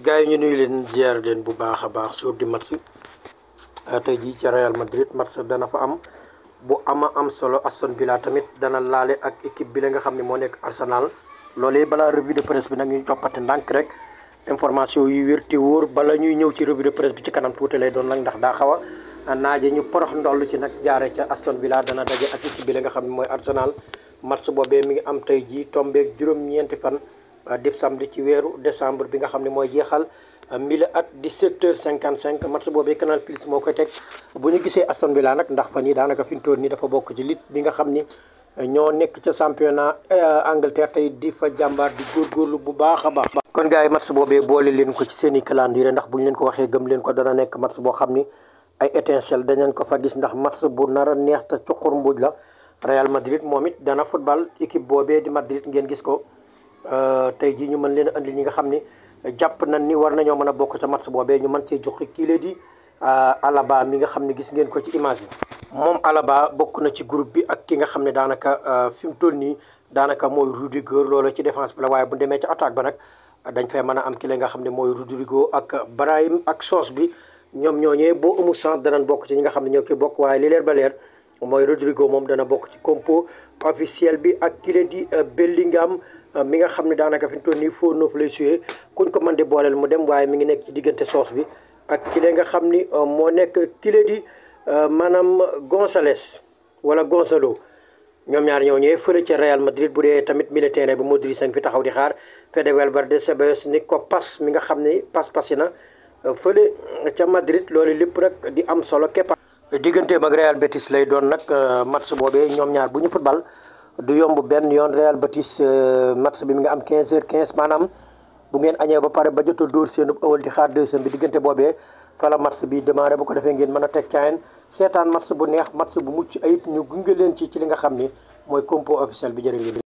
gars yi ñu nuyu leen ziar leen bu baax a baax sur di match euh, tey jii ca Real Madrid match dana fa am bu ama am solo Aston Villa tamit dana laale ak équipe bi la nga xam ne moo nekk Arsenal loolee balaa revue de presse bi nag ñu toppate ndànk rek information yu wér te wóor bala ñuy ñëw ci revue de presse bi ci kanam tuuti lay doon nag ndax daa xaw a naaje ñu porox ndoll ci nag jaare ca Aston Villa dana daje ak équipe bi la nga xam ne mooy Arsenal match boobee mi ngi am tey jii tombeeg juróom fan. Euh, dib samedi ci weeru décembre bi nga xam ne mooy jeexal euh, mille at 17 heures 55 match boobee Canal Plus moo koy teg bu ñu gisee Aston Villa nag ndax fa yii daanaka fi mu toll nii dafa bokk ci lit bi nga xam ni euh, ñoo nekk ca championnat Angleterre tey di fa jàmbaar di góorgóorlu bu baax a baax. kon gars yi match boobee boole leen ko ci seen i calendrier ndax bu ñu leen ko waxee gëm leen ko dana nekk match boo xam ni ay étincelle danañ ko fa gis ndax match bu nar a neex te cuqur mbuuj la Real Madrid moom it dana football équipe boobee di Madrid ngeen gis ko. Euh, tey jii ñu mën leen a andil ñi nga xam ne jàpp nañ ni war nañoo mën a bokk ca match boobee ñu mën cee joxe kii lee di euh, Alaba mi nga xam ne gis ngeen ko ci image yi. moom Alaba bokk na ci groupe bi ak ki nga xam ne daanaka euh, fi mu toll nii daanaka mooy Rudiger loola ci défense bi la waaye bu demee ci attaque ba nag dañ fay mën a am ki nga xam ne mooy Rodrigo ak Brahim ak Sos bi ñoom ñooñee boo amul chance bokk ci ñi nga xam ne ñoo koy bokk li leer ba mooy Rodrigo moom dana bokk ci compo officiel bi ak ki leen di Bellingham. Euh, mi nga xam ne daanaka fi mu toll nii foo noof lay suyee kuñ ko man di booleel mu dem waaye mi ngi nekk ci diggante soos bi ak kile nga xam ni euh, moo nekk kile di euh, maanaam Gonzalez wala Gonzalo ñoom ñaar ñëw ñëwee fële ca Real Madrid bu dee tamit milieu terrain bi Modric ngi fi taxaw di xaar Fede Valverde Ceballos ni ko pas mi nga xam ni pas pasi na fële ca Madrid loolu lépp rek di am solo Kepa digganteem ak Real Betis lay doon nag match boobee ñoom ñaar bu ñu football du yomb benn yoon Real Betis euh, match bi mi nga am 15 heures 15 maanaam bu ngeen añee ba pare ba jot a dóor seen ëwal di xaar deuxième bi diggante boobee fala match bi démarré bu ko defee ngeen mën a teg caayan seetaan match bu neex match bu mucc ayib ñu gunge leen ci ci li nga xam ni mooy compo officiel bi jërë ngeen.